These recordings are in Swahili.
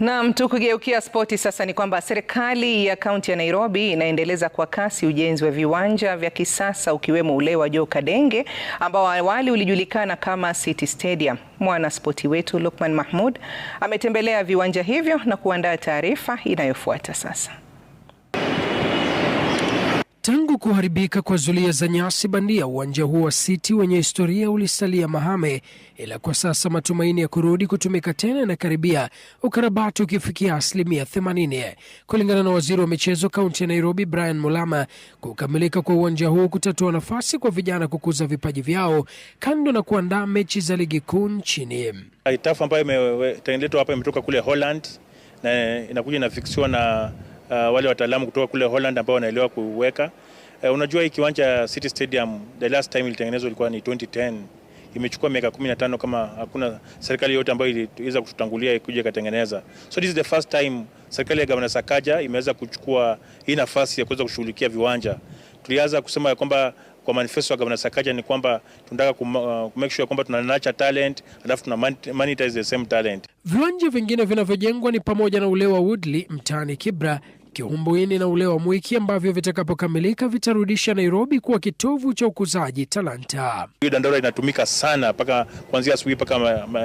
Naam, tukigeukia spoti sasa ni kwamba serikali ya kaunti ya Nairobi inaendeleza kwa kasi ujenzi wa viwanja vya kisasa ukiwemo ule wa Joe Kadenge ambao awali ulijulikana kama City Stadium. Mwanaspoti wetu Lukman Mahmud ametembelea viwanja hivyo na kuandaa taarifa inayofuata sasa kuharibika kwa zulia za nyasi bandia, uwanja huo wa City wenye historia ulisalia mahame, ila kwa sasa matumaini ya kurudi kutumika tena yanakaribia, ukarabati ukifikia asilimia 80, kulingana na waziri wa michezo kaunti ya Nairobi Brian Mulama. Kukamilika kwa uwanja huo kutatoa nafasi kwa vijana kukuza vipaji vyao, kando na kuandaa mechi za ligi kuu nchini. Itafu ambayo imetengenezwa hapa imetoka kule Holland na inakuja inafikisiwa na uh, wale wataalamu kutoka kule Holland ambao wanaelewa kuweka Uh, unajua hii kiwanja City Stadium the last time ilitengenezwa ilikuwa ni 2010. Imechukua miaka 15 kama hakuna serikali yote ambayo iliweza kututangulia ikuja ikatengeneza. So this is the first time serikali ya Gavana Sakaja imeweza kuchukua hii nafasi ya kuweza kushughulikia viwanja. Tulianza kusema kwamba kwa manifesto ya Gavana Sakaja ni kwamba tunataka ku uh, make sure kwamba tuna nurture talent alafu tuna monetize the same talent. Viwanja vingine vinavyojengwa ni pamoja na ule wa Woodley mtaani Kibra kihumbuini na ule wa Mwiki ambavyo vitakapokamilika vitarudisha Nairobi kuwa kitovu cha ukuzaji talanta. Hiyo dandora inatumika sana paka kuanzia asubuhi mpaka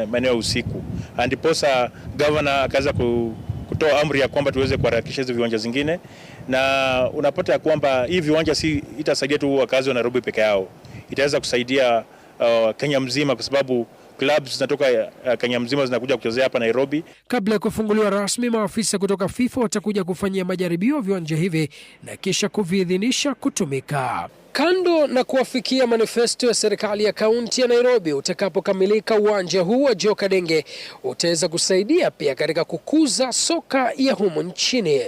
maeneo ya usiku, andiposa ah, gavana akaweza ku kutoa amri ya kwamba tuweze kuharakisha hizo viwanja zingine, na unapata ya kwamba hii viwanja si itasaidia tu wakazi wa Nairobi peke yao, itaweza kusaidia uh, Kenya mzima kwa sababu clubs zinatoka eh, Kenya mzima zinakuja kuchezea hapa Nairobi. Kabla ya kufunguliwa rasmi, maafisa kutoka FIFA watakuja kufanyia majaribio viwanja hivi na kisha kuviidhinisha kutumika. Kando na kuwafikia manifesto ya serikali ya kaunti ya Nairobi, utakapokamilika uwanja huu wa Joe Kadenge utaweza kusaidia pia katika kukuza soka ya humu nchini.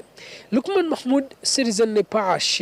Lukman Mahmud, Citizen Nipashe.